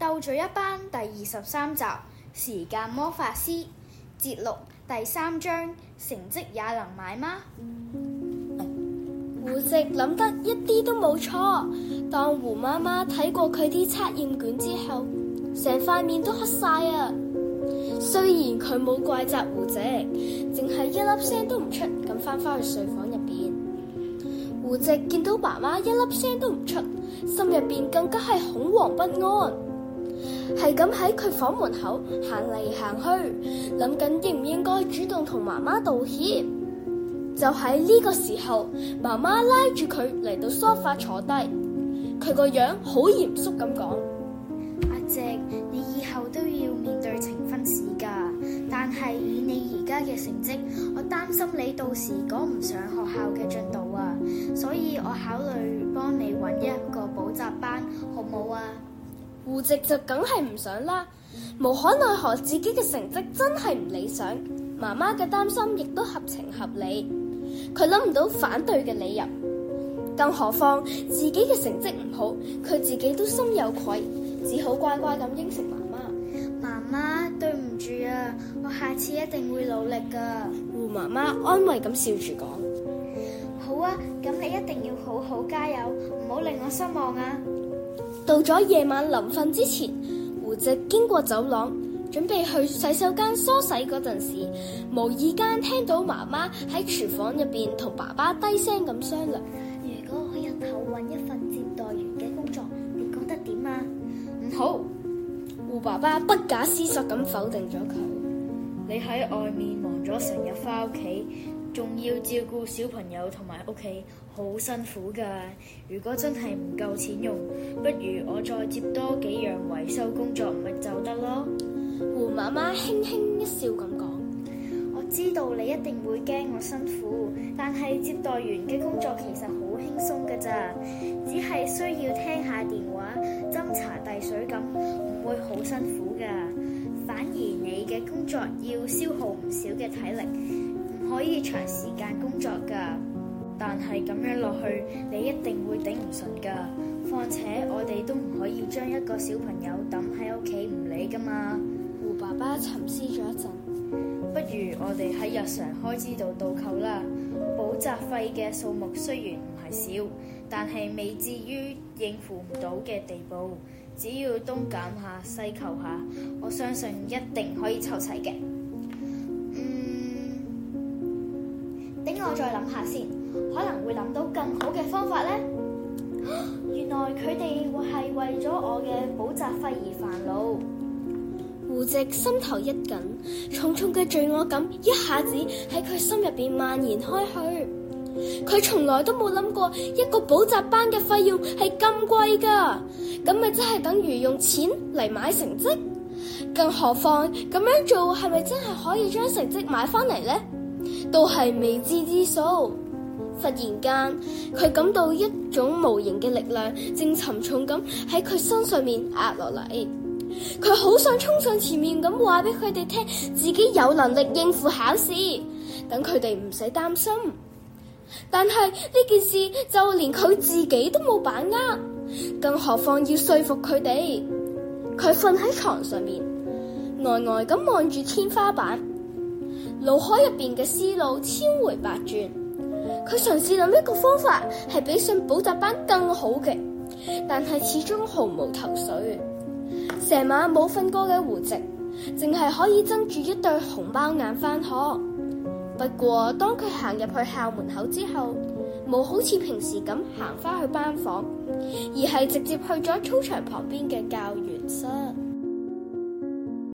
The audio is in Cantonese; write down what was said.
《鬥嘴一班》第二十三集，《時間魔法師》節錄第三章，《成績也能買嗎》？胡直諗得一啲都冇錯。當胡媽媽睇過佢啲測驗卷之後，成塊面都黑晒啊！雖然佢冇怪責胡直，淨係一粒聲都唔出咁翻返去睡房入邊。胡直見到爸媽一粒聲都唔出，心入邊更加係恐慌不安。係咁喺佢房門口行嚟行去，諗緊應唔應該主動同媽媽道歉。就喺呢個時候，媽媽拉住佢嚟到梳化坐低，佢個樣好嚴肅咁講：阿靜，你以後都要面對呈分試㗎，但係以你而家嘅成績，我擔心你到時趕唔上學校嘅進度啊，所以我考慮幫你搵一個補習班。胡直就梗係唔想啦，無可奈何，自己嘅成績真係唔理想，媽媽嘅擔心亦都合情合理。佢諗唔到反對嘅理由，更何況自己嘅成績唔好，佢自己都心有愧，只好乖乖咁應承媽媽。媽媽，對唔住啊，我下次一定會努力㗎。胡媽媽安慰咁笑住講：好啊，咁你一定要好好加油，唔好令我失望啊！到咗夜晚臨瞓之前，胡直經過走廊，準備去洗手間梳洗嗰陣時，無意間聽到媽媽喺廚房入邊同爸爸低聲咁商量：如果我日後搵一份接待員嘅工作，你覺得點啊？唔好！胡爸爸不假思索咁否定咗佢。你喺外面忙咗成日，返屋企。仲要照顧小朋友同埋屋企，好辛苦噶。如果真係唔夠錢用，不如我再接多幾樣維修工作，咪就得咯。胡媽媽輕輕一笑咁講：我知道你一定會驚我辛苦，但係接待員嘅工作其實好輕鬆噶咋，只係需要聽下電話、斟茶遞水咁，唔會好辛苦噶。反而你嘅工作要消耗唔少嘅體力。可以長時間工作噶，但係咁樣落去，你一定會頂唔順噶況且我哋都唔可以將一個小朋友抌喺屋企唔理噶嘛。胡爸爸沉思咗一陣，不如我哋喺日常開支度倒扣啦。補習費嘅數目雖然唔係少，但係未至於應付唔到嘅地步。只要東減下西扣下，我相信一定可以湊齊嘅。我再諗下先，可能會諗到更好嘅方法呢？原來佢哋會係為咗我嘅補習費而煩惱。胡直心頭一緊，重重嘅罪惡感一下子喺佢心入邊蔓延開去。佢從來都冇諗過一個補習班嘅費用係咁貴噶，咁咪真係等於用錢嚟買成績？更何況咁樣做係咪真係可以將成績買翻嚟呢？都係未知之數。忽然間，佢感到一種無形嘅力量正沉重咁喺佢身上面壓落嚟。佢好想衝上前面咁話俾佢哋聽，自己有能力應付考試，等佢哋唔使擔心。但係呢件事就連佢自己都冇把握，更何況要說服佢哋。佢瞓喺床上面，呆呆咁望住天花板。腦海入邊嘅思路千回百轉，佢嘗試諗一個方法係比上補習班更好嘅，但係始終毫無頭緒。成晚冇瞓過嘅胡直，淨係可以睜住一對熊貓眼翻學。不過當佢行入去校門口之後，冇好似平時咁行翻去班房，而係直接去咗操場旁邊嘅教員室。